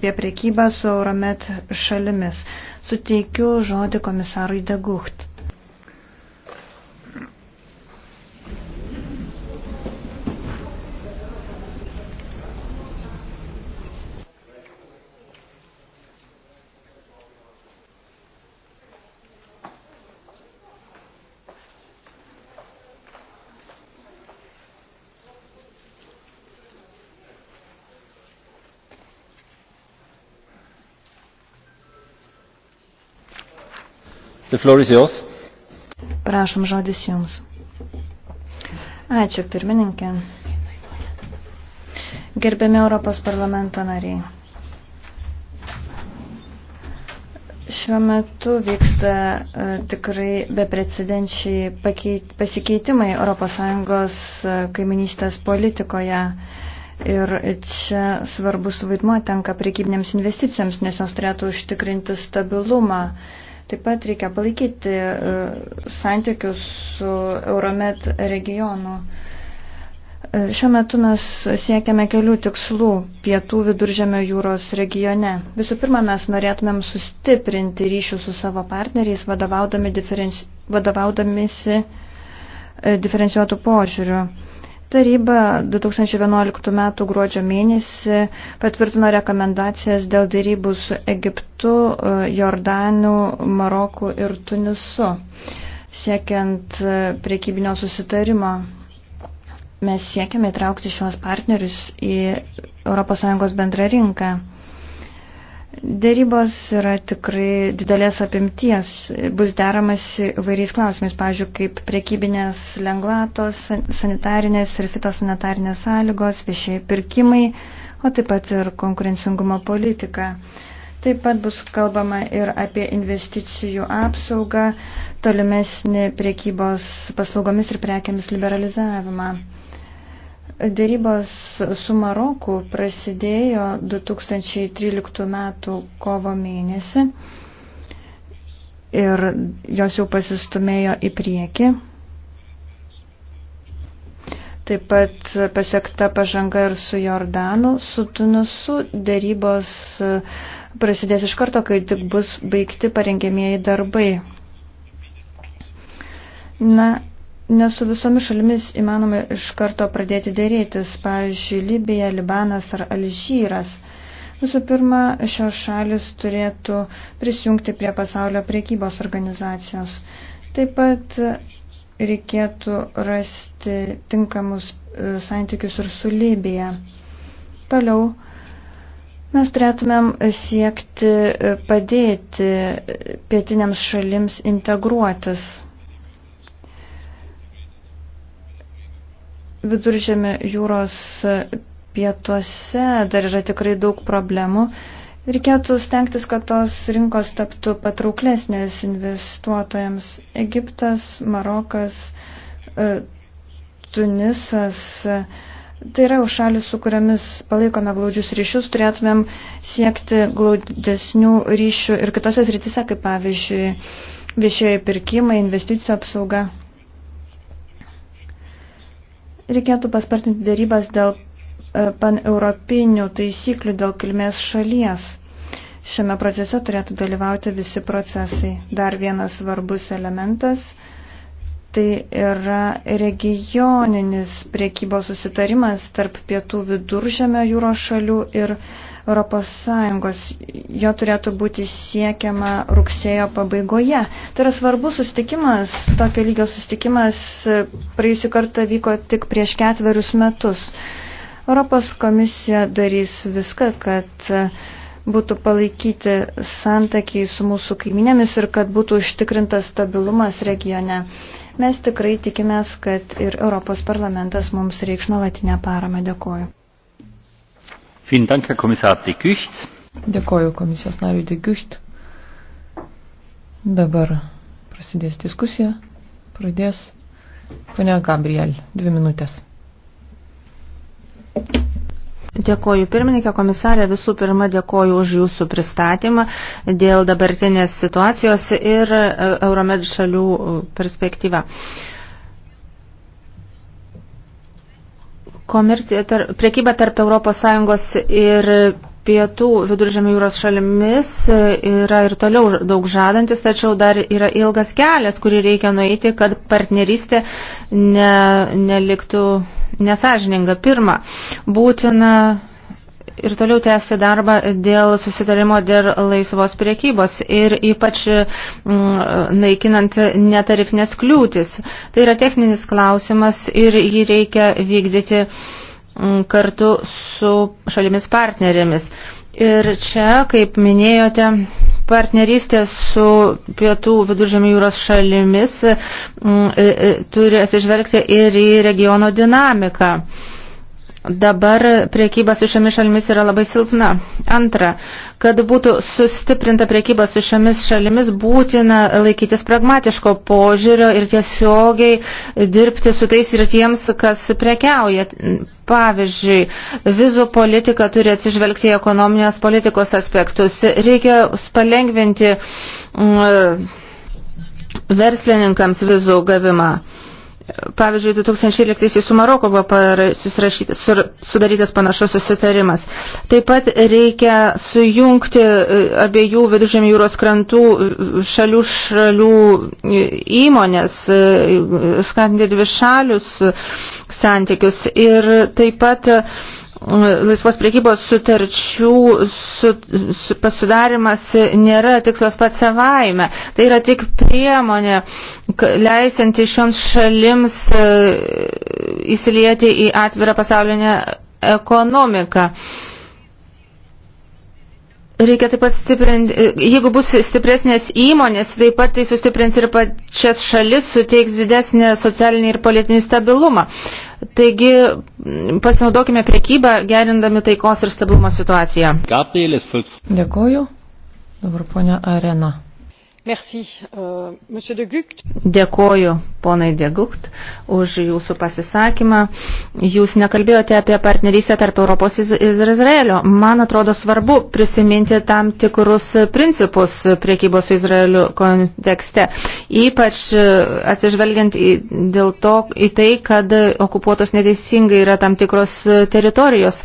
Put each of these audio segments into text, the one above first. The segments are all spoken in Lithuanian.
apie priekybą su Euromet šalimis. Suteikiu žodį komisarui Degucht. Prašom žodis jums. Ačiū, pirmininkė. Gerbiami Europos parlamento nariai. Šiuo metu vyksta uh, tikrai beprecedenčiai pasikeitimai ES e, kaiminystės politikoje. Ir čia svarbus vaidmuo tenka priekybinėms investicijoms, nes jos turėtų užtikrinti stabilumą. Uh, Taip pat reikia palaikyti e, santykius su Euromet regionu. E, šiuo metu mes siekiame kelių tikslų pietų viduržėmio jūros regione. Visų pirma, mes norėtumėm sustiprinti ryšių su savo partneriais, vadovaudami diferenci... vadovaudamisi e, diferencijuotų požiūrių. Taryba 2011 m. gruodžio mėnesį patvirtino rekomendacijas dėl dėrybų su Egiptu, e, Jordaniu, Maroku ir Tunisu, siekiant e, priekybinio susitarimo. Mes siekiame įtraukti šios partnerius į ES bendrą rinką. Dėrybos yra tikrai didelės apimties. Bus deramas vairiais klausimais, pavyzdžiui, kaip priekybinės lengvatos, sanitarinės ir fitosanitarinės sąlygos, viešiai pirkimai, o taip pat ir konkurencingumo politika. Taip pat bus kalbama ir apie investicijų apsaugą, tolimesnį priekybos paslaugomis ir prekiamis liberalizavimą. Dėrybos su Maroku prasidėjo 2013 m. kovo mėnesį ir jos jau pasistumėjo į priekį. Taip pat pasiekta pažanga ir su Jordanu, su Tunisu dėrybos prasidės iš karto, kai tik bus baigti parengėmėjai darbai. Na Nes su visomis šalimis įmanoma iš karto pradėti dėrėtis, pavyzdžiui, Libija, Libanas ar Alžyras. Visų pirma, šios šalis turėtų prisijungti prie pasaulio priekybos organizacijos. Taip pat reikėtų rasti tinkamus e, santykius ir su Libija. Toliau mes turėtumėm siekti e, padėti e, pietiniams šalims integruotis. viduržėme jūros pietuose dar yra tikrai daug problemų. Reikėtų stengtis, kad tos rinkos taptų patrauklesnės investuotojams. Egiptas, Marokas, e, Tunisas. E, tai yra už šalis, su kuriamis palaikome glaudžius ryšius, turėtumėm siekti glaudesnių ryšių ir kitose srityse, kaip pavyzdžiui, viešieji pirkimai, investicijų apsauga reikėtų paspartinti darybas dėl e, paneuropinių taisyklių dėl kilmės šalies. Šiame procese turėtų dalyvauti visi procesai. Dar vienas svarbus elementas Tai yra regioninis priekybos susitarimas tarp pietų viduržėmio jūros šalių ir ES. Jo turėtų būti siekiama rugsėjo pabaigoje. Tai yra svarbus susitikimas, tokio lygio susitikimas praėjusį kartą vyko tik prieš ketverius metus. Europos komisija darys viską, kad būtų palaikyti santykiai su mūsų kaiminėmis ir kad būtų užtikrintas stabilumas regione. Mes tikrai tikimės, kad ir Europos parlamentas mums reikš nuolatinę paramą. Dėkoju. Dėkoju komisijos nariui Degiucht. Dabar prasidės diskusija. Pradės ponia Gabriel. Dvi minutės. Dėkoju pirmininkė komisarė, visų pirma dėkoju už jūsų pristatymą dėl dabartinės situacijos ir e, Euromed šalių e, perspektyvą. Komercija, tar, priekyba tarp ES ir pietų viduržėmio jūros šalimis e, yra ir toliau daug žadantis, tačiau dar yra ilgas kelias, kurį reikia nueiti, kad partnerystė ne, neliktų nesažininga. Pirma, būtina ir toliau tęsti darbą dėl susitarimo dėl laisvos priekybos ir ypač mm, naikinant netarifinės kliūtis. Tai yra techninis klausimas ir jį reikia vykdyti Mm, kartu su šalimis partnerėmis. Ir čia, kaip minėjote, partnerystė su pietų viduržėmio jūros šalimis mm, e, e, turi atsižvelgti ir į regiono dinamiką. Dabar priekyba su šiomis šalimis yra labai silpna. Antra, kad būtų sustiprinta priekyba su šiomis šalimis, būtina laikytis pragmatiško požiūrio ir tiesiogiai dirbti su tais ir tiems, kas prekiauja. Pavyzdžiui, vizų politika turi atsižvelgti į ekonominės politikos aspektus. Reikia palengventi mm, e, verslininkams vizų gavimą. Pavyzdžiui, 2013 su Maroko buvo sur, sudarytas panašus susitarimas. Taip pat reikia sujungti e, abiejų viduržėmio jūros krantų e, šalių šalių e, įmonės, skatinti dvi šalius santykius ir taip pat laisvos priekybos sutarčių su, su, pasidarimas nėra tikslas pats savaime. Tai yra tik priemonė, leisinti šioms šalims e, įsilieti į atvirą pasaulinę ekonomiką. Reikia taip pat stiprinti, e, jeigu bus stipresnės įmonės, taip pat tai sustiprins ir pačias šalis, suteiks didesnį socialinį ir politinį stabilumą. Taigi pasinaudokime priekybą, gerindami taikos ir stabilumo situaciją. Dėkoju. Dabar ponia Arena. Euh, Dėkoju, ponai Degukt, už jūsų pasisakymą. Jūs nekalbėjote apie partnerystę tarp Europos ir Izraelio. Man atrodo svarbu prisiminti tam tikrus principus priekybos su Izraeliu kontekste, ypač e, atsižvelgiant į, dėl to į tai, kad okupuotos neteisingai yra tam tikros teritorijos.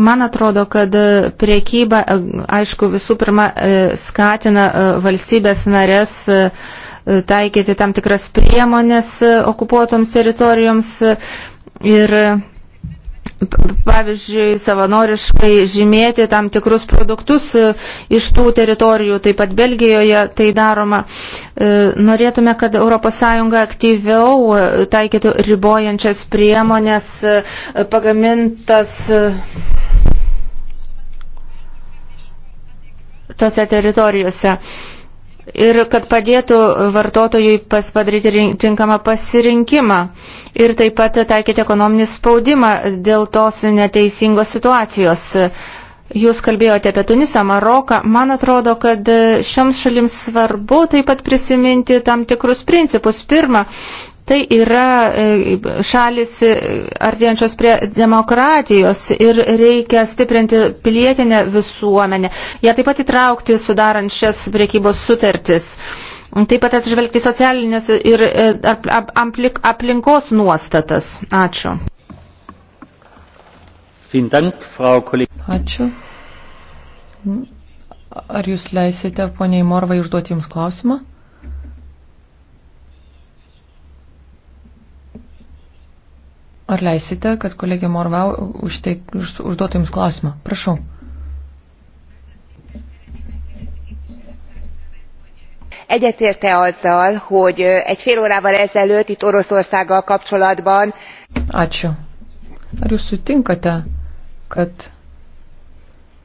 Man atrodo, kad priekyba, e, aišku, visų pirma e, skatina valstybės narės e, e, taikyti tam tikras priemonės e, okupuotoms teritorijoms ir pavyzdžiui, savanoriškai žymėti tam tikrus produktus iš tų teritorijų, taip pat Belgijoje tai daroma. Norėtume, kad ES aktyviau taikytų ribojančias priemonės pagamintas tose teritorijose ir kad padėtų vartotojui padaryti tinkamą pasirinkimą ir taip pat taikyti ekonominį spaudimą dėl tos neteisingos situacijos. Jūs kalbėjote apie Tunisą, Maroką. Man atrodo, kad šioms šalims svarbu taip pat prisiminti tam tikrus principus. Pirma, Tai yra e, šalis e, artėjančios prie demokratijos ir reikia stiprinti pilietinę visuomenę. Jie taip pat įtraukti sudarant šias priekybos sutartis. Taip pat atsižvelgti socialinės ir e, aplinkos nuostatas. Ačiū. Ačiū. Ar jūs leisite poniai Morvai užduoti Jums klausimą? Ar leisite, kad kolegė Morvau už tai, už, užduotų Jums klausimą? Prašau. Egyetérte azzal, hogy egy fél órával ezelőtt itt Oroszországgal kapcsolatban. Ačiū. Ar jūs sutinkate, kad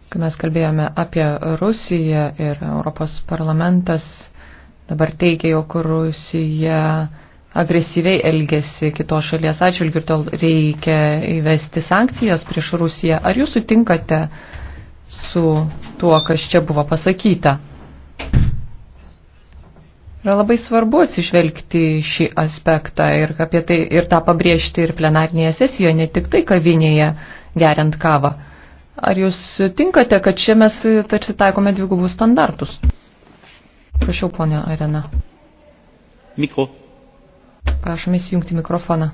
kai mes kalbėjome apie Rusiją ir Europos parlamentas dabar teigia, jog Rusija agresyviai elgesi kitos šalies atžvilgiu ir tol reikia įvesti sankcijas prieš Rusiją. Ar jūs sutinkate su tuo, kas čia buvo pasakyta? Yra labai svarbu atsižvelgti šį aspektą ir, apie tai, ir tą pabrėžti ir plenarnėje sesijoje, ne tik tai kavinėje geriant kavą. Ar jūs tinkate, kad čia mes tarsi taikome dvigubus standartus? Prašau, ponia Arena. Mikro. Prašome įsijungti mikrofoną.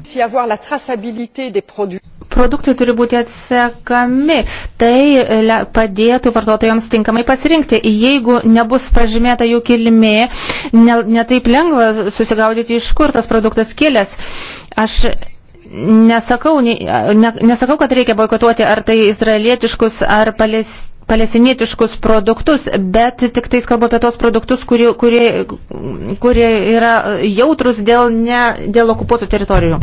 Produktai turi būti atsekami. Tai e, padėtų vartotojams tinkamai pasirinkti. Jeigu nebus pažymėta jų kilmė, netaip ne lengva susigaudyti, iš kur tas produktas kilęs. Aš nesakau, ne, nesakau, kad reikia boikotuoti ar tai izraelietiškus, ar palestiniečius palestinietiškus produktus, bet tik tais kalbu apie tos produktus, kurie, kurie, kurie yra jautrus dėl, ne, dėl okupuotų teritorijų.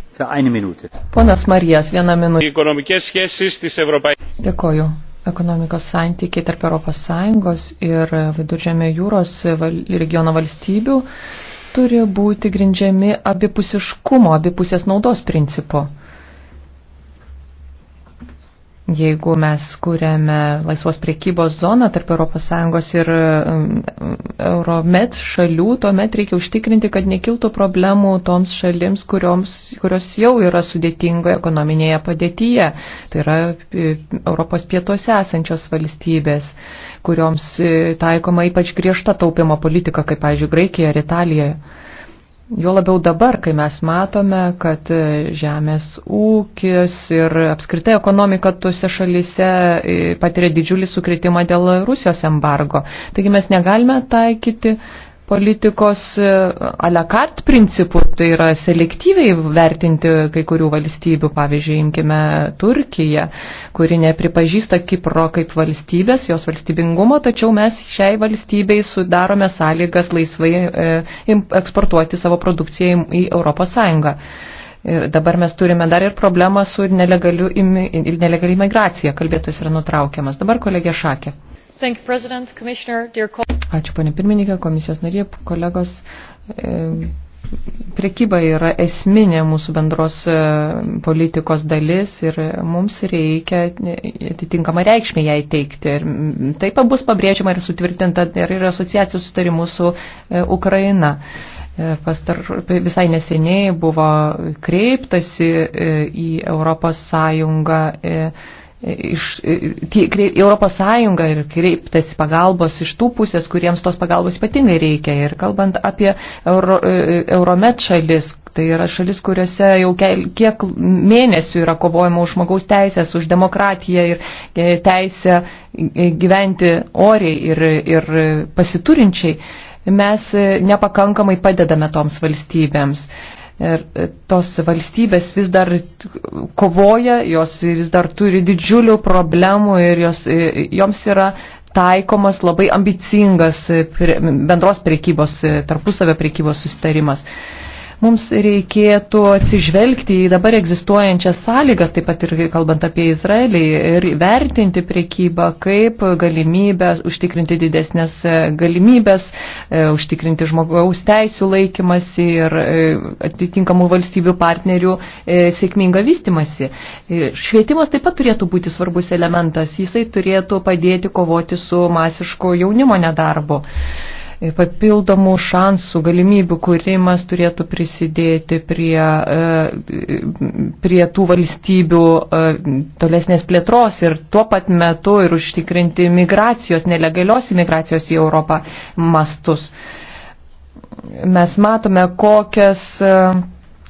Ponas Marijas, vieną minutę. Dėkoju. Ekonomikos santykiai tarp ES ir Viduržėmio jūros val, regiono valstybių turi būti grindžiami abipusiškumo, abipusės naudos principu. Jeigu mes kūrėme laisvos priekybos zoną tarp ES ir um, Euromet šalių, tuomet reikia užtikrinti, kad nekiltų problemų toms šalims, kurioms, kurios jau yra sudėtingoje ekonominėje padėtyje. Tai yra e, Europos pietuose esančios valstybės, kurioms e, taikoma ypač griežta taupimo politika, kaip, pavyzdžiui, Graikija ar Italija. Jo labiau dabar, kai mes matome, kad e, žemės ūkis ir apskritai ekonomika tuose šalise e, patiria didžiulį sukretimą dėl Rusijos embargo. Taigi mes negalime taikyti politikos e, alekart principų, tai yra selektyviai vertinti kai kurių valstybių, pavyzdžiui, imkime Turkiją, kuri nepripažįsta Kipro kaip valstybės, jos valstybingumo, tačiau mes šiai valstybei sudarome sąlygas laisvai e, eksportuoti savo produkciją į Europos Sąjungą. Ir dabar mes turime dar ir problemą su nelegaliu, nelegaliai migracija. Kalbėtojas yra nutraukiamas. Dabar kolegė Šakė. Ačiū, ponė pirmininkė, komisijos narė, kolegos. E, Prekyba yra esminė mūsų bendros e, politikos dalis ir mums reikia atitinkamą reikšmę jai teikti. Ir taip bus pabrėžiama ir sutvirtinta ir asociacijų sutarimų su e, Ukraina. E, pastar, visai neseniai buvo kreiptasi į Europos Sąjungą. E, iš, e, kreip, Europos Sąjunga ir kreiptasi pagalbos iš tų pusės, kuriems tos pagalbos ypatingai reikia. Ir kalbant apie Euro, e, Euromet šalis, tai yra šalis, kuriuose jau kiek mėnesių yra kovojama už žmogaus teisės, už demokratiją ir e, teisę gyventi oriai ir, ir pasiturinčiai, mes nepakankamai padedame toms valstybėms. Ir e, tos valstybės vis dar kovoja, jos vis dar turi didžiulių problemų ir jos, e, joms yra taikomas labai ambicingas e, bendros priekybos, tarpusavio priekybos sustarimas mums reikėtų atsižvelgti į dabar egzistuojančias sąlygas, taip pat ir kalbant apie Izraelį, ir vertinti priekybą kaip galimybę užtikrinti didesnės galimybės, e, užtikrinti žmogaus teisų laikymasi ir e, atitinkamų valstybių partnerių e, sėkmingą vystimasi. Švietimas taip pat turėtų būti svarbus elementas, jisai turėtų padėti kovoti su masišku jaunimo nedarbu. E, papildomų šansų, galimybių kūrimas turėtų prisidėti prie, e, prie tų valstybių e, tolesnės plėtros ir tuo pat metu ir užtikrinti migracijos, nelegalios imigracijos į Europą mastus. Mes matome, kokias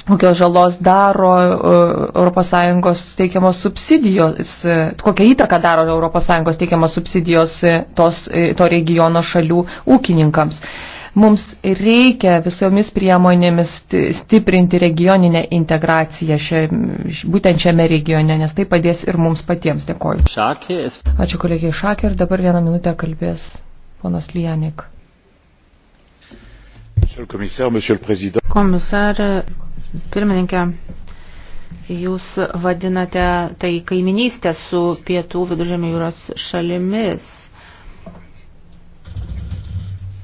kokios žalos daro ES teikiamos subsidijos, e, kokią įtaką daro ES teikiamos subsidijos e, tos, e, to regiono šalių ūkininkams. Mums reikia visomis priemonėmis stiprinti regioninę integraciją šia, būtent šiame regione, nes tai padės ir mums patiems. Dėkoju. Šakės. Ačiū kolegijai Šakė ir dabar vieną minutę kalbės ponas Lijanik. Komisarė, Pirmininkė, jūs vadinate tai kaiminystę su pietų viduržėmio jūros šalimis.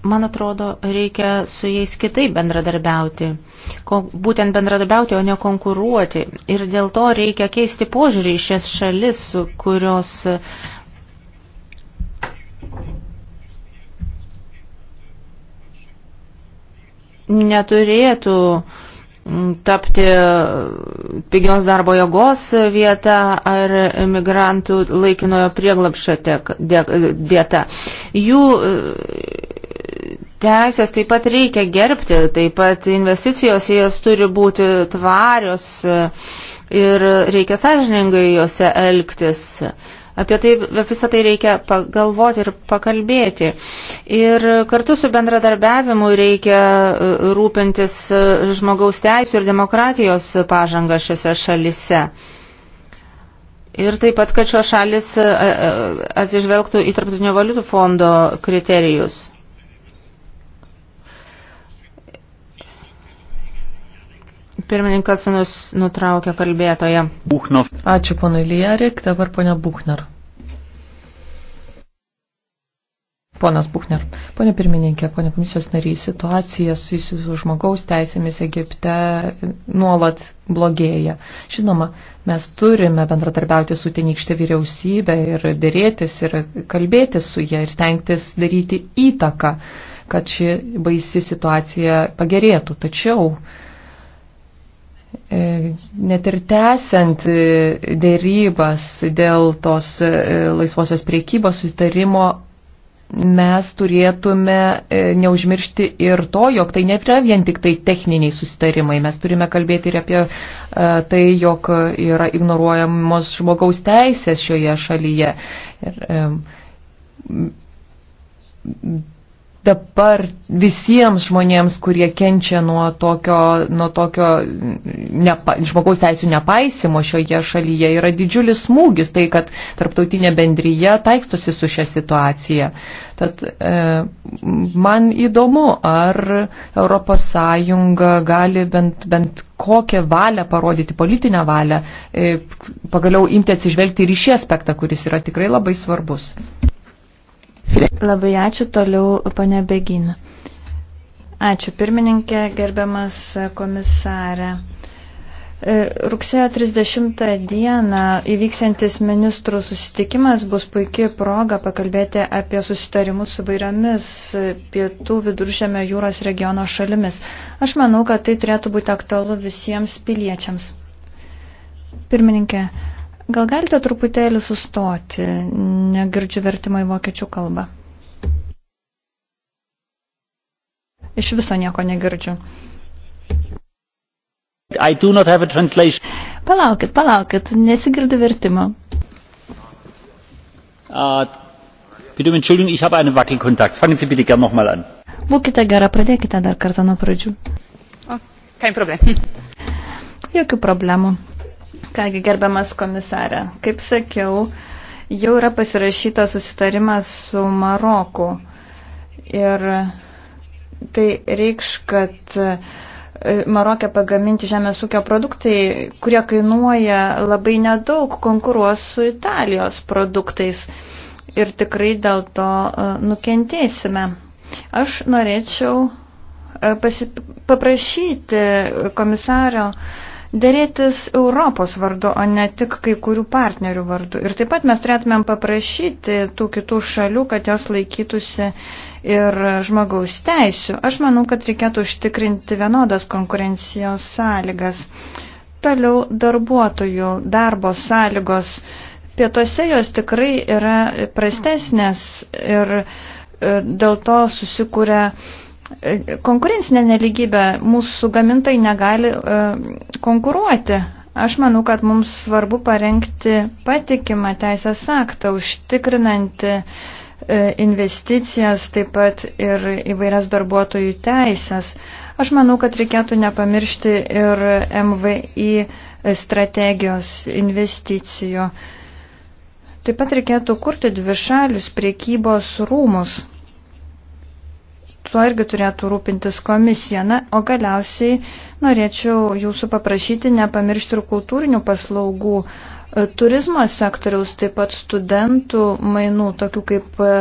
Man atrodo, reikia su jais kitaip bendradarbiauti. Ko, būtent bendradarbiauti, o ne konkuruoti. Ir dėl to reikia keisti požiūrį į šias šalis, kurios neturėtų uh, tapti pigios darbo jėgos vieta ar migrantų laikinojo prieglapščio vieta. Jų e, teisės taip pat reikia gerbti, taip pat investicijos jos turi būti tvarios e, ir reikia sąžiningai jose elgtis. Apie tai visą tai reikia pagalvoti ir pakalbėti. Ir kartu su bendradarbiavimu reikia e, rūpintis e, žmogaus teisų ir demokratijos pažanga šiose šalise. Ir taip pat, kad šios šalis e, atsižvelgtų į tarptautinio valiutų fondo kriterijus. Pirmininkas nus, nutraukė kalbėtoje. Buchnov. Ačiū ponui Lijarik, dabar ponia Buchner. Ponas Buchner, ponė pirmininkė, ponė komisijos nariai, situacija susijusi su žmogaus teisėmis Egipte nuolat blogėja. Žinoma, mes turime bendratarbiauti su tenykštė vyriausybė ir dėrėtis ir kalbėtis su jie ir stengtis daryti įtaką, kad ši baisi situacija pagerėtų. Tačiau E, net ir tęsiant e, dėrybas dėl tos e, laisvosios priekybos sutarimo, mes turėtume neužmiršti ir to, jog tai nėra vien tik tai techniniai susitarimai. Mes turime kalbėti ir apie tai, jog yra ignoruojamos žmogaus teisės šioje šalyje. Ir, dabar visiems žmonėms, kurie kenčia nuo tokio, nuo tokio nepa, žmogaus teisų nepaisimo šioje šalyje, yra didžiulis smūgis tai, kad tarptautinė bendryje taikstosi su šią situaciją. Tad e, man įdomu, ar ES gali bent, bent kokią valią parodyti, politinę valią, e, pagaliau imti atsižvelgti ir į šį aspektą, kuris yra tikrai labai svarbus. Labai ačiū toliau, pane Begina. Ačiū pirmininkė, gerbiamas komisarė. E, rugsėjo 30 dieną įvyksiantis ministrų susitikimas bus puikiai proga pakalbėti apie susitarimus su vairiomis pietų viduržėmio jūros regiono šalimis. Aš manau, kad tai turėtų būti aktualu visiems piliečiams. Pirmininkė, Gal galite truputėlį sustoti, negirdžiu vertimą į vokiečių kalbą. Iš viso nieko negirdžiu. I do not have a translation. Palaukit, palaukit, nesigirdi vertimo. Uh, bitte um Entschuldigung, ich habe einen Wackelkontakt. Fangen Sie bitte gern nochmal an. Būkite gera, pradėkite dar kartą nuo pradžių. O, oh, kein problem. Jokių problemų. Kągi, gerbiamas komisarė, kaip sakiau, jau yra pasirašytas susitarimas su Maroku. Ir tai reikš, kad e, Marokė pagaminti žemės ūkio produktai, kurie kainuoja labai nedaug, konkuruos su Italijos produktais. Ir tikrai dėl to e, nukentėsime. Aš norėčiau e, pasip... paprašyti komisario uh, dėrėtis Europos vardu, o ne tik kai kurių partnerių vardu. Ir taip pat mes turėtumėm paprašyti tų kitų šalių, kad jos laikytųsi ir žmogaus teisių. Aš manau, kad reikėtų užtikrinti vienodas konkurencijos sąlygas. Toliau darbuotojų darbo sąlygos. Pietuose jos tikrai yra prastesnės ir e, dėl to susikūrė konkurencinė neligybė, mūsų gamintai negali e, konkuruoti. Aš manau, kad mums svarbu parengti patikimą teisės aktą, užtikrinantį e, investicijas, taip pat ir įvairias darbuotojų teisės. Aš manau, kad reikėtų nepamiršti ir MVI strategijos investicijų. Taip pat reikėtų kurti dvišalius priekybos rūmus tuo irgi turėtų rūpintis komisija. Na, o galiausiai norėčiau jūsų paprašyti nepamiršti ir kultūrinių paslaugų, e, turizmo sektoriaus, taip pat studentų mainų, tokių kaip e,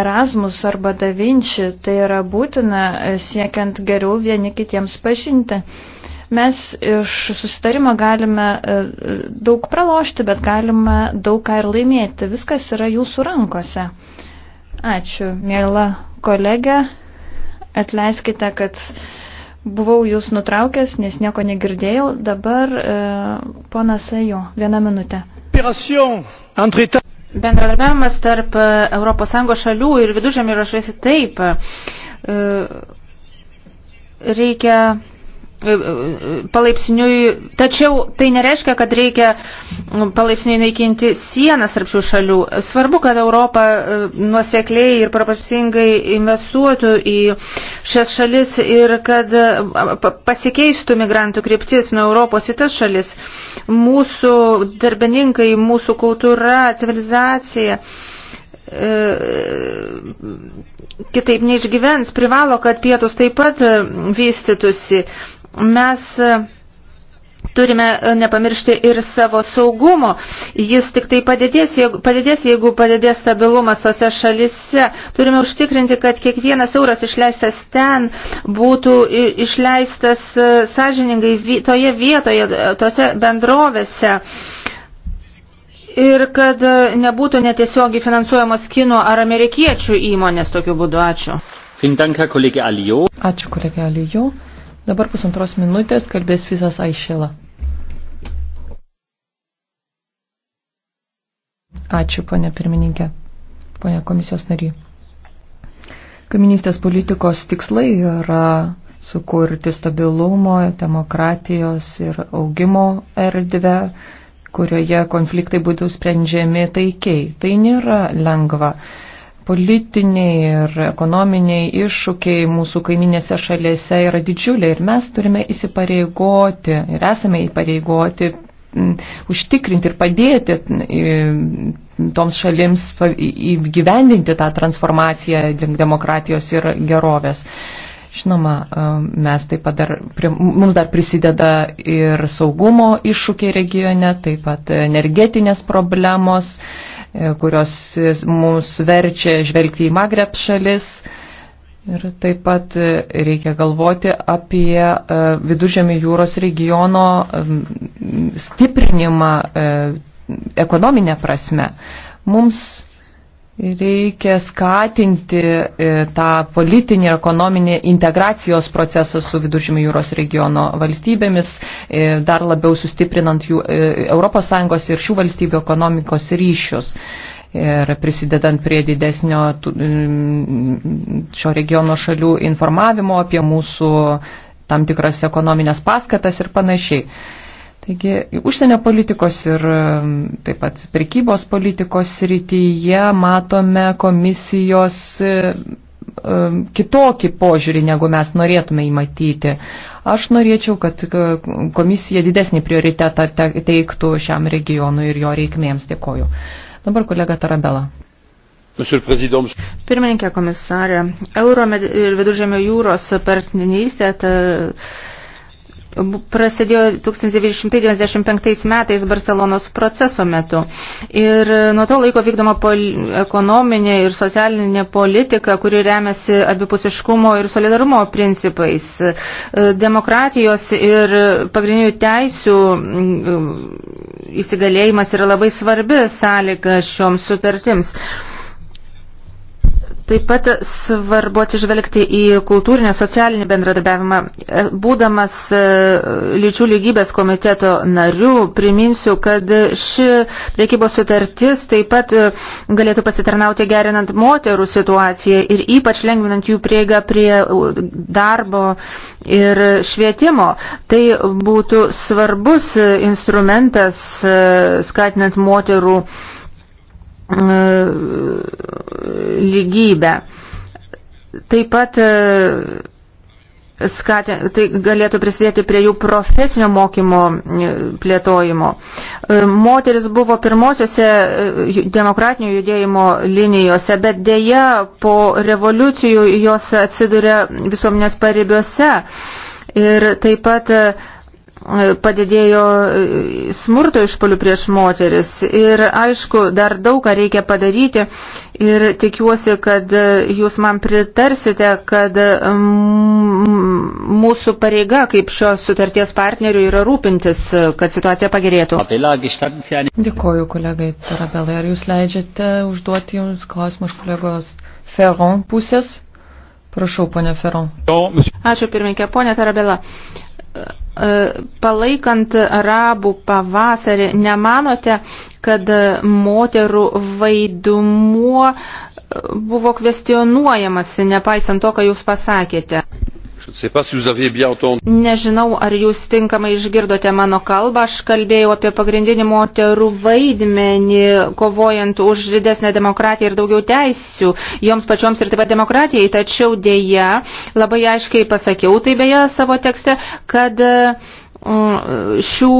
Erasmus arba Da Vinci. Tai yra būtina e, siekiant geriau vieni kitiems pažinti. Mes iš susitarimo galime daug pralošti, bet galime daug ką ir laimėti. Viskas yra jūsų rankose. Ačiū, mėla kolegė. Atleiskite, kad buvau jūs nutraukęs, nes nieko negirdėjau. Dabar e, ponas Ajo, vieną minutę. Bendradarbiavimas tarp ES šalių ir viduržėmio rašasi taip. E, reikia palaipsniui, tačiau tai nereiškia, kad reikia mm, palaipsniui naikinti sienas tarp šių šalių. Svarbu, kad Europa mm, nuosekliai ir proporcingai investuotų į šias šalis ir kad mm, pasikeistų migrantų kryptis nuo Europos į tas šalis. Mūsų darbininkai, mūsų kultūra, civilizacija e, kitaip neišgyvens, privalo, kad pietus taip pat vystytųsi mes e, turime e, nepamiršti ir savo saugumo. Jis tik tai padidės, jeigu padidės, jeigu padidės stabilumas tose šalise. Turime užtikrinti, kad kiekvienas euras išleistas ten būtų išleistas e, sąžiningai toje vietoje, tose bendrovėse. Ir kad nebūtų netiesiogiai finansuojamos kino ar amerikiečių įmonės tokiu būdu. Ačiū. Ačiū, kolegė Alijo. Ačiū, kolegė Alijo. Dabar pusantros minutės kalbės Fizas Aišela. Ačiū, ponė pirmininkė, ponė komisijos nary. Kaiminystės politikos tikslai yra sukurti stabilumo, demokratijos ir augimo erdvę, kurioje konfliktai būtų sprendžiami taikiai. Tai nėra lengva. Politiniai ir ekonominiai iššūkiai mūsų kaiminėse šalėse yra didžiuliai ir mes turime įsipareigoti ir esame įpareigoti užtikrinti ir padėti toms šalims įgyvendinti tą transformaciją demokratijos ir gerovės. Žinoma, e, mes taip pat dar, mums dar prisideda ir saugumo iššūkiai regione, taip pat energetinės problemos, E, kurios e, mus verčia žvelgti į Magreb šalis. Ir taip pat e, reikia galvoti apie viduržėmį jūros regiono stiprinimą ekonominę prasme. Mums Reikia skatinti e, tą politinį ir ekonominį integracijos procesą su viduržymio jūros regiono valstybėmis, e, dar labiau sustiprinant jų ES ir šių valstybių ekonomikos ryšius ir prisidedant prie didesnio mm, šio regiono šalių informavimo apie mūsų tam tikras ekonominės paskatas ir panašiai. Taigi užsienio politikos ir taip pat prekybos politikos srityje matome komisijos e, kitokį požiūrį, negu mes norėtume įmatyti. Aš norėčiau, kad e, komisija didesnį prioritetą teiktų šiam regionui ir jo reikmėms. Dėkoju. Dabar kolega Tarabela. Pirmininkė komisarė, Euro ir Viduržėmio jūros partnerystė. Ta, prasidėjo 1995 metais Barcelonos proceso metu. Ir nuo to laiko vykdoma ekonominė ir socialinė politika, kuri remiasi abipusiškumo ir solidarumo principais, demokratijos ir pagrindinių teisių mm, įsigalėjimas yra labai svarbi sąlyga šioms sutartims. Taip pat svarbu atsižvelgti į kultūrinę, socialinį bendradarbiavimą. E, būdamas e, lyčių lygybės komiteto nariu, priminsiu, kad ši priekybos sutartis taip pat e, galėtų pasitarnauti gerinant moterų situaciją ir ypač lengvinant jų prieigą prie darbo ir švietimo. Tai būtų svarbus instrumentas skatinant moterų E, lygybę. Taip pat e, skatė, tai galėtų prisidėti prie jų profesinio mokymo e, plėtojimo. Moteris buvo pirmosiose demokratinio judėjimo linijose, bet dėja po revoliucijų jos atsiduria visuomenės paribiuose. Ir taip pat padidėjo e, smurto išpolių prieš moteris. Ir aišku, dar daug ką reikia padaryti ir tikiuosi, kad e, jūs man pritarsite, kad mūsų pareiga kaip šios sutarties partnerių yra rūpintis, e, kad situacija pagerėtų. Dėkoju kolegai Tarabelai. Ar jūs leidžiate užduoti jums klausimą iš kolegos Ferron pusės? Prašau, ponė Ferron. Ačiū pirmininkė, ponė Tarabela. E, palaikant arabų pavasarį, nemanote, kad moterų vaidumuo buvo kvestionuojamas, nepaisant to, ką jūs pasakėte? Nežinau, ar jūs tinkamai išgirdote mano kalbą. Aš kalbėjau apie pagrindinį moterų vaidmenį, kovojant už didesnę demokratiją ir daugiau teisių joms pačioms ir taip pat demokratijai. Tačiau dėja, labai aiškiai pasakiau tai beje savo tekste, kad mm, šių,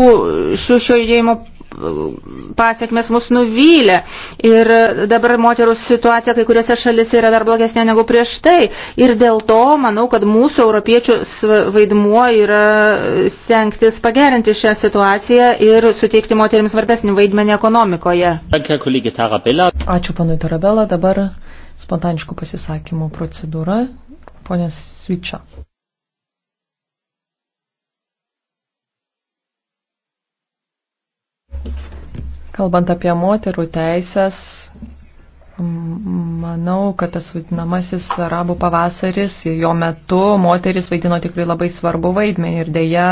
šių šio judėjimo pasiekmes mus nuvylė. Ir dabar moterų situacija kai kuriuose šalise yra dar blogesnė negu prieš tai. Ir dėl to manau, kad mūsų europiečių vaidmuo yra stengtis pagerinti šią situaciją ir suteikti moteriams svarbesnį vaidmenį ekonomikoje. Ačiū panui Tarabela. Dabar spontaniškų pasisakymų procedūra. Ponės Svičia. Kalbant apie moterų teisės, manau, kad tas vadinamasis arabų pavasaris, jo metu moteris vaidino tikrai labai svarbu vaidmenį ir dėja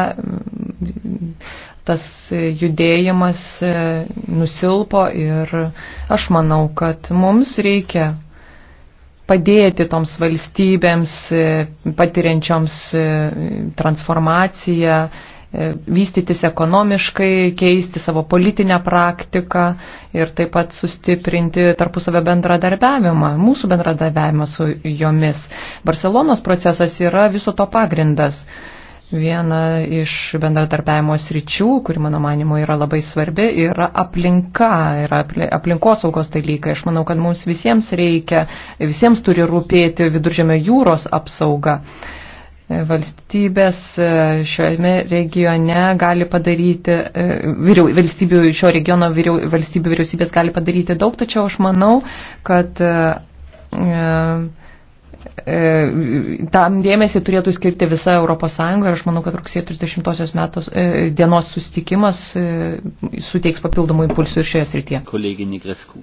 tas judėjimas e, nusilpo ir aš manau, kad mums reikia padėti toms valstybėms e, patiriančioms e, transformaciją E, vystytis ekonomiškai, keisti savo politinę praktiką ir taip pat sustiprinti tarpusavę bendradarbiavimą, mūsų bendradarbiavimą su jomis. Barcelonos procesas yra viso to pagrindas. Viena iš bendradarbiavimo sričių, kuri mano manimo yra labai svarbi, yra aplinka, yra aplinkosaugos dalykai. Aš manau, kad mums visiems reikia, visiems turi rūpėti viduržėmio jūros apsauga valstybės e, šiame regione gali padaryti, e, vyriau, valstybių, šio regiono vyriau, valstybių vyriausybės gali padaryti daug, tačiau aš manau, kad e, tam dėmesį turėtų skirti visa Europos Sąjunga ir aš manau, kad rugsėjo 30 metos, dienos sustikimas suteiks papildomų impulsų ir šioje srityje. Kolegė Negresku.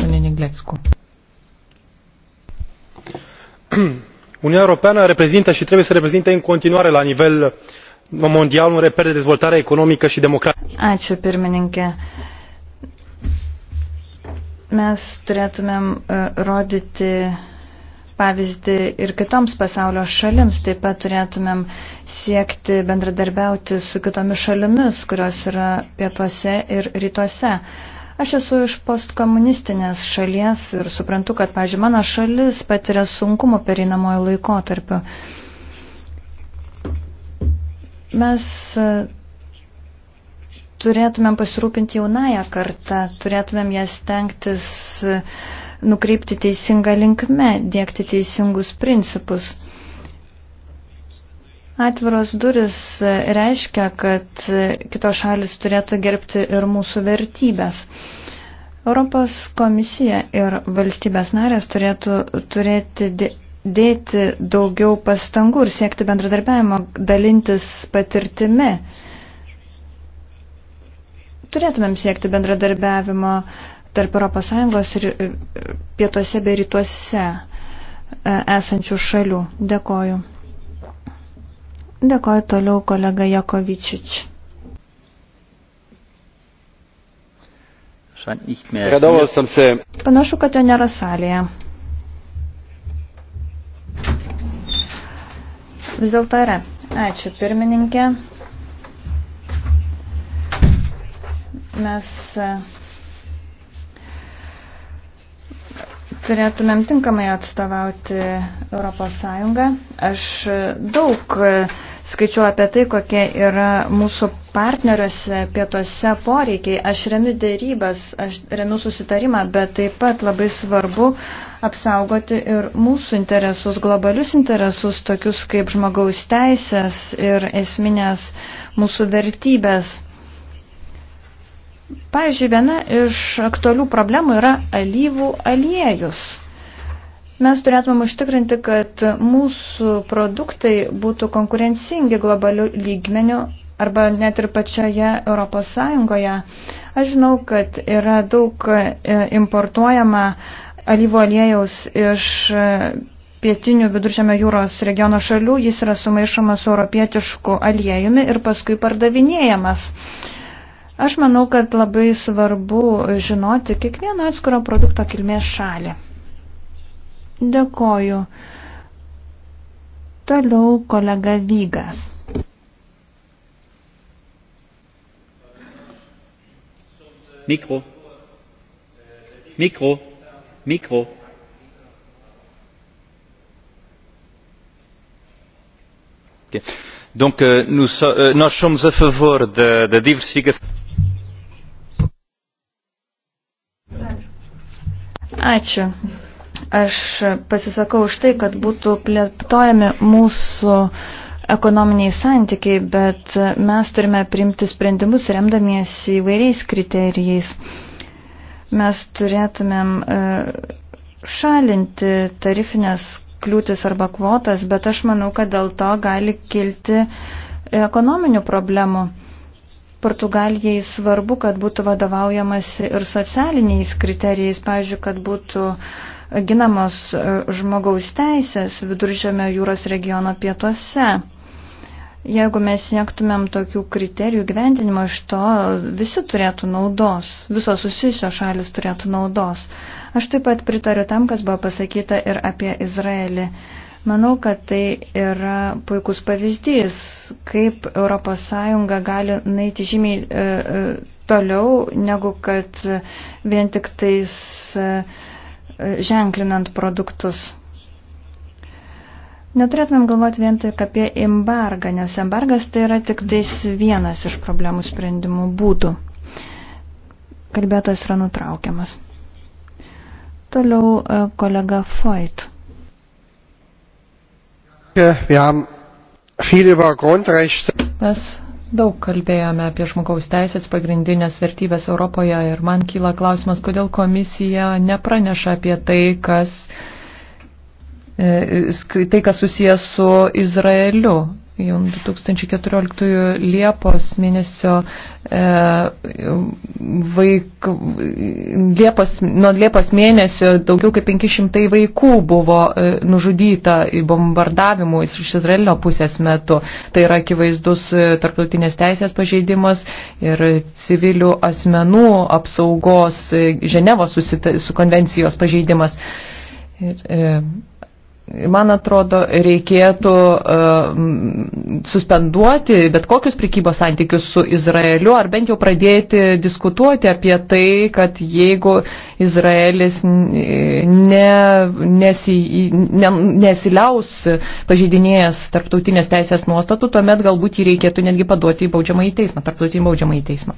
Pane Negresku. uniunea europeană reprezintă și trebuie să reprezinte în continuare la nivel mondial un reper de dezvoltare economică și democratică. Mes turėtumėm e, rodyti pavyzdį ir kitoms pasaulio šalims, taip pat turėtumėm siekti bendradarbiauti su kitomis šalimis, kurios yra pietuose ir rytuose. Uh, Aš esu iš postkomunistinės šalies ir suprantu, kad, pažiūrėjau, mano šalis patiria sunkumų pereinamojo laikotarpiu. Mes e, turėtumėm pasirūpinti jaunąją kartą, turėtumėm jas tenktis e, nukreipti teisingą linkme, dėkti teisingus principus. Atviros duris reiškia, kad kitos šalis turėtų gerbti ir mūsų vertybės. Europos komisija ir valstybės narės turėtų turėti dėti daugiau pastangų ir siekti bendradarbiavimo, dalintis patirtimi. Turėtumėm siekti bendradarbiavimo tarp ES ir e, pietuose bei rytuose e, esančių šalių. Dėkoju. Dėkoju toliau kolega Jakovičič. Panašu, kad jo nėra salėje. Vis dėlto yra. Ačiū pirmininkė. Mes e, turėtumėm tinkamai atstovauti Europos Sąjungą. Aš daug e, skaičiau apie tai, kokie yra mūsų partneriuose pietuose poreikiai. Aš remiu dėrybas, aš remiu susitarimą, bet taip pat labai svarbu apsaugoti ir mūsų interesus, globalius interesus, tokius kaip žmogaus teisės ir esminės mūsų vertybės. Pavyzdžiui, viena iš aktualių problemų yra alyvų aliejus. Mes turėtumėm užtikrinti, kad mūsų produktai būtų konkurencingi globalių lygmenių arba net ir pačioje Europos Sąjungoje. Aš žinau, kad yra daug e, importuojama alyvo aliejaus iš e, pietinių viduržėme jūros regiono šalių, jis yra sumaišomas su europietišku aliejumi ir paskui pardavinėjamas. Aš manau, kad labai svarbu žinoti kiekvieną atskiro produkto kilmės šalį. Dėkoju. Toliau kolega Vygas. Mikro. Mikro. Mikro. Okay. Donc, euh, nous, euh, nós somos a favor da, da diversificação. Ačiū. Aš pasisakau už tai, kad būtų plėtojami mūsų ekonominiai santykiai, bet mes turime priimti sprendimus remdamiesi įvairiais kriterijais. Mes turėtumėm e, šalinti tarifinės kliūtis arba kvotas, bet aš manau, kad dėl to gali kilti ekonominių problemų. Portugalijai svarbu, kad būtų vadovaujamasi ir socialiniais kriterijais, pavyzdžiui, kad būtų ginamos e, žmogaus teisės viduržėme jūros regiono pietuose. Jeigu mes siektumėm tokių kriterijų gyventinimo, iš to visi turėtų naudos, visos susijusios šalis turėtų naudos. Aš taip pat pritariu tam, kas buvo pasakyta ir apie Izraelį. Manau, kad tai yra puikus pavyzdys, kaip ES gali naiti žymiai e, e, toliau, negu kad vien tik tais e, ženklinant produktus. Neturėtumėm galvoti vien tik apie embargą, nes embargas tai yra tik tais vienas iš problemų sprendimų būdų. Kalbėtas yra nutraukiamas. Toliau e, kolega Foyt. Mes daug kalbėjome apie žmogaus teisės pagrindinės vertybės Europoje ir man kyla klausimas, kodėl komisija nepraneša apie tai, kas, e, e, tai, kas susijęs su Izraeliu jau 2014 Liepos mėnesio e, vaik, Liepos, nuo Liepos mėnesio daugiau kaip 500 vaikų buvo e, nužudyta į bombardavimų iš Izraelio pusės metu. Tai yra akivaizdus e, tarptautinės teisės pažeidimas ir civilių asmenų apsaugos e, Ženevos susita, su konvencijos pažeidimas. Ir, e, man atrodo, reikėtų uh, suspenduoti bet kokius prekybos santykius su Izraeliu, ar bent jau pradėti diskutuoti apie tai, kad jeigu Izraelis ne, nesi, ne, nesiliaus pažeidinėjęs tarptautinės teisės nuostatų, tuomet galbūt jį reikėtų netgi paduoti į baudžiamą į teismą, tarptautinį baudžiamą į teismą.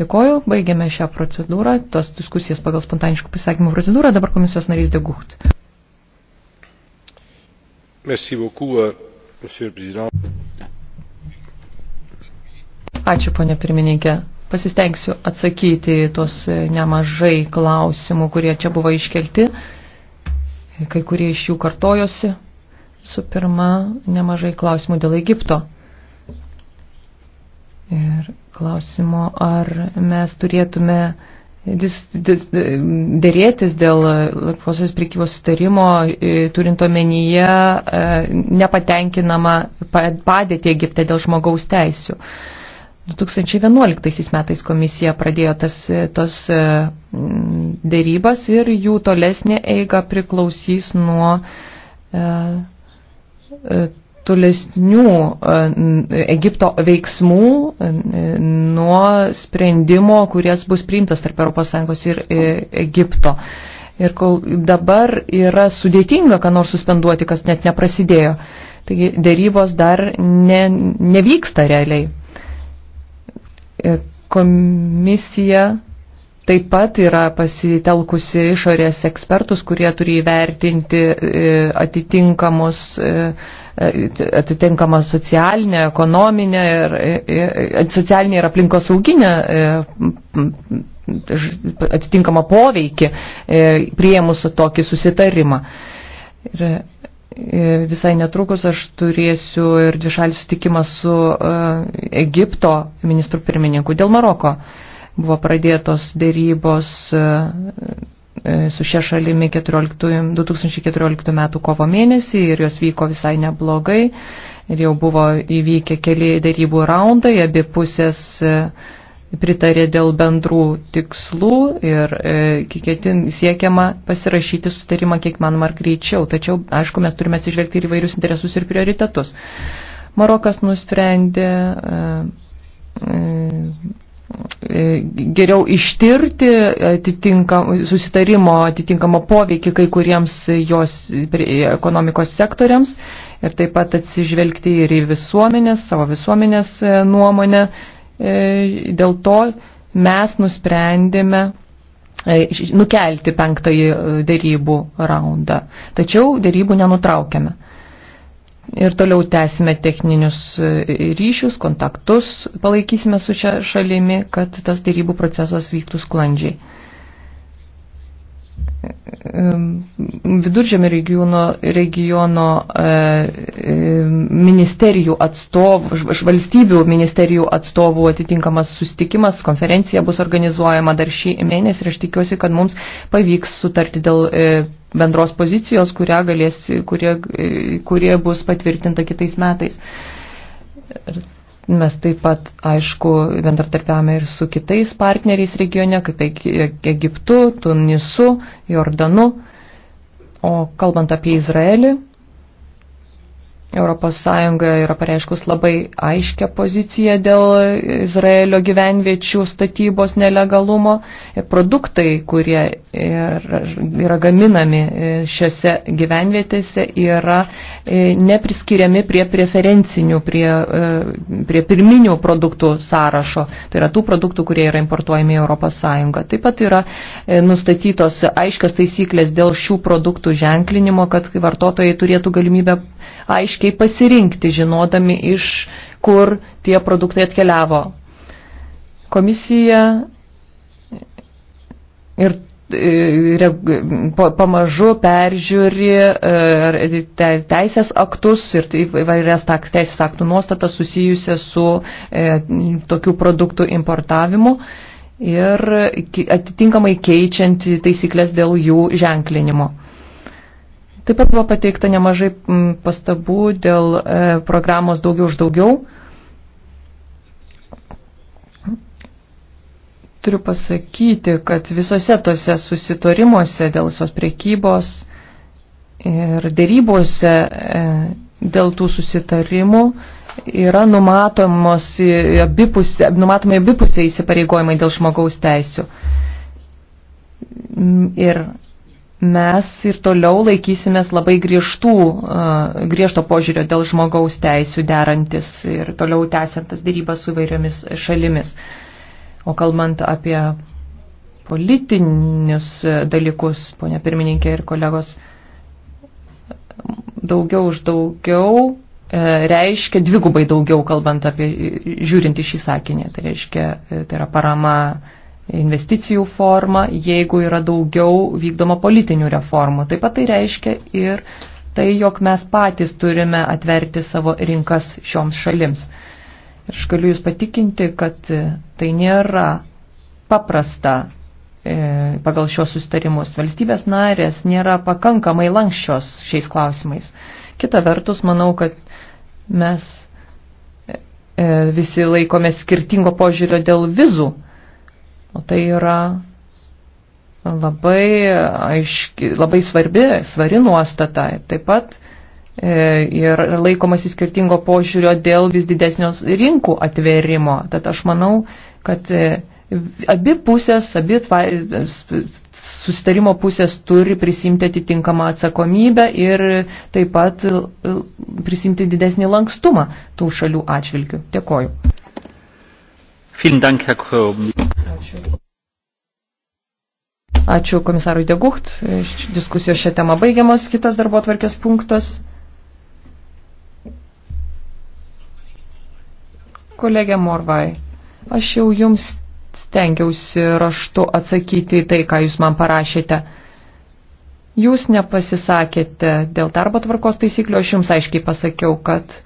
Dėkoju, baigėme šią procedūrą, tos diskusijas pagal spontaniškų pasakymų procedūrą, dabar komisijos narys Degucht. Euh, Ačiū, ponė pirmininkė. Pasistengsiu atsakyti tuos nemažai klausimų, kurie čia buvo iškelti. Kai kurie iš jų kartojosi. Su pirma, nemažai klausimų dėl Egipto. Ir klausimo, ar mes turėtume dėrėtis dėl laisvosios priekybos sutarimo, e, turint omenyje e, nepatenkinamą padėtį Egipte dėl žmogaus teisių. 2011 metais komisija pradėjo tas, tas e, dėrybas ir jų tolesnė eiga priklausys nuo tolesnių e, Egipto veiksmų e, nuo sprendimo, kuris bus priimtas tarp ES ir e, Egipto. Ir kol dabar yra sudėtinga, ką nors suspenduoti, kas net neprasidėjo. Taigi dėrybos dar ne, nevyksta realiai. Komisija taip pat yra pasitelkusi išorės ekspertus, kurie turi įvertinti atitinkamus E, atitinkama socialinė, ekonominė ir, e, e, socialinė ir aplinkosauginė atitinkama poveikį prieimus tokį susitarimą. Ir visai netrukus aš turėsiu ir dvišalį sutikimą su Egipto ministru pirmininku dėl Maroko. Buvo pradėtos dėrybos E, su šia šalimi 14, 2014 m. kovo mėnesį ir jos vyko visai neblogai. Ir jau buvo įvykę keli darybų raundai, abi pusės e, pritarė dėl bendrų tikslų ir e, kiekvietin siekiama pasirašyti sutarimą kiek manoma ar greičiau. Tačiau, aišku, mes turime atsižvelgti ir įvairius interesus ir prioritetus. Marokas nusprendė. E, e, E, geriau ištirti atitinkam, susitarimo atitinkamą poveikį kai kuriems jos ekonomikos sektoriams ir taip pat atsižvelgti ir į visuomenės, savo visuomenės e, nuomonę. E, dėl to mes nusprendėme nukelti penktąjį dėrybų raundą. Tačiau dėrybų nenutraukėme ir toliau tęsime techninius e, ryšius, kontaktus, palaikysime su šia šalimi, kad tas dėrybų procesas vyktų sklandžiai. E, viduržėmio regiono, regiono e, ministerijų atstovų, valstybių ministerijų atstovų atitinkamas sustikimas, konferencija bus organizuojama dar šį mėnesį ir aš tikiuosi, kad mums pavyks sutarti dėl bendros pozicijos, galės, kurie, kurie bus patvirtinta kitais metais. Ir mes taip pat, aišku, bendratarpiame ir su kitais partneriais regione, kaip Egiptu, Tunisu, Jordanu. O kalbant apie Izraelį, ES yra pareiškus labai aiškę poziciją dėl Izraelio gyvenviečių statybos nelegalumo. Produktai, kurie yra, yra gaminami e, šiose gyvenvietėse, yra e, nepriskiriami prie preferencinių, prie, e, prie pirminių produktų sąrašo. Tai yra tų produktų, kurie yra importuojami į ES. Taip pat yra nustatytos aiškios taisyklės dėl šių produktų ženklinimo, kad vartotojai turėtų galimybę aiškiai aiškiai pasirinkti, žinodami iš kur tie produktai atkeliavo. Komisija ir pamažu peržiūri teisės aktus ir tai įvairias teisės aktų nuostatas susijusias su e, tokių produktų importavimu ir atitinkamai keičiant taisyklės dėl jų ženklinimo. Taip pat buvo pateikta nemažai pastabų dėl e, programos daugiau už daugiau. Turiu pasakyti, kad visose tose susitarimuose dėl visos priekybos ir dėrybose e, dėl tų susitarimų yra numatomos abipusė, numatomi abipusiai įsipareigojimai dėl žmogaus teisių. Ir mes ir toliau laikysimės labai griežtų, e, griežto požiūrio dėl žmogaus teisų derantis ir toliau tęsiantas dėrybas su vairiomis šalimis. O kalbant apie politinius dalykus, ponia pirmininkė ir kolegos, daugiau už daugiau e, reiškia dvigubai daugiau, kalbant apie žiūrint į šį sakinį. Tai reiškia, e, tai yra parama investicijų formą, jeigu yra daugiau vykdoma politinių reformų. Taip pat tai reiškia ir tai, jog mes patys turime atverti savo rinkas šioms šalims. Ir aš galiu Jūs patikinti, kad e, tai nėra paprasta e, pagal šios sustarimus. Valstybės narės nėra pakankamai lankščios šiais klausimais. Kita vertus, manau, kad mes e, visi laikomės skirtingo požiūrio dėl vizų O tai yra labai, aiški, labai svarbi, svari nuostata. Taip pat e, ir laikomasi skirtingo požiūrio dėl vis didesnio rinkų atverimo. Tad aš manau, kad e, abi pusės, abi sustarimo pusės turi prisimti atitinkamą atsakomybę ir taip pat e, prisimti didesnį lankstumą tų šalių atžvilgių. Dėkoju. Dank, Herr Ačiū. Ačiū komisarui Degucht. Diskusijos šią temą baigiamos. Kitas darbo tvarkės punktas. Kolegė Morvai, aš jau jums stengiausi raštu atsakyti į tai, ką jūs man parašėte. Jūs nepasisakėte dėl darbo tvarkos taisyklių, aš jums aiškiai pasakiau, kad